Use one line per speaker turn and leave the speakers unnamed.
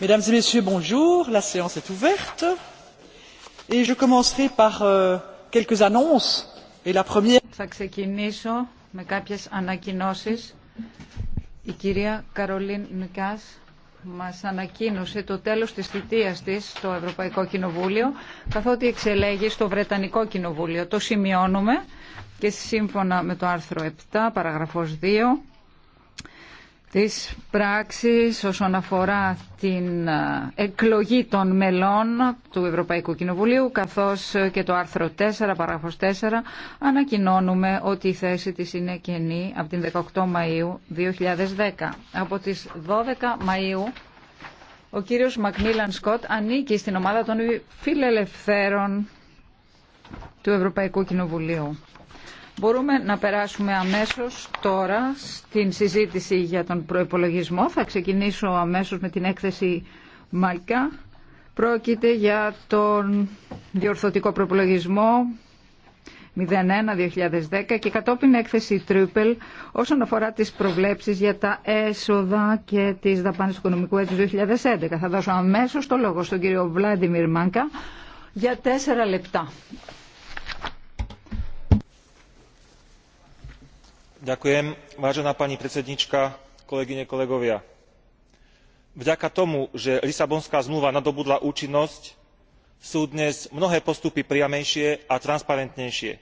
Κυρίες και κύριοι, bonjour. La Θα ξεκινήσω με κάποιες ανακοινώσεις. Η κυρία Καρολίν Νικάς μας ανακοίνωσε το τέλος της θητείας της στο Ευρωπαϊκό Κοινοβούλιο, καθότι εξελέγει στο Βρετανικό Κοινοβούλιο. Το σημειώνουμε και σύμφωνα με το άρθρο 7, παραγραφός 2, της πράξης όσον αφορά την ε, εκλογή των μελών του Ευρωπαϊκού Κοινοβουλίου καθώς και το άρθρο 4, παράγραφος 4 ανακοινώνουμε ότι η θέση της είναι κενή από την 18 Μαΐου 2010. Από τις 12 Μαΐου ο κύριος Μακνίλαν Σκοτ ανήκει στην ομάδα των φιλελευθέρων του Ευρωπαϊκού Κοινοβουλίου. Μπορούμε να περάσουμε αμέσως τώρα στην συζήτηση για τον προϋπολογισμό. Θα ξεκινήσω αμέσως με την έκθεση Μαλκά. Πρόκειται για τον διορθωτικό προϋπολογισμό 01-2010 και κατόπιν έκθεση ΤΡΥΠΕΛ όσον αφορά τις προβλέψεις για τα έσοδα και τις δαπάνες του οικονομικού έτους 2011. Θα δώσω αμέσως το λόγο στον κύριο Βλάντιμιρ Μάνκα για τέσσερα λεπτά.
vďaka tomu že lisabonská zmluva nadobudla účinnosť sú dnes mnohé postupy priamejšie a transparentnejšie.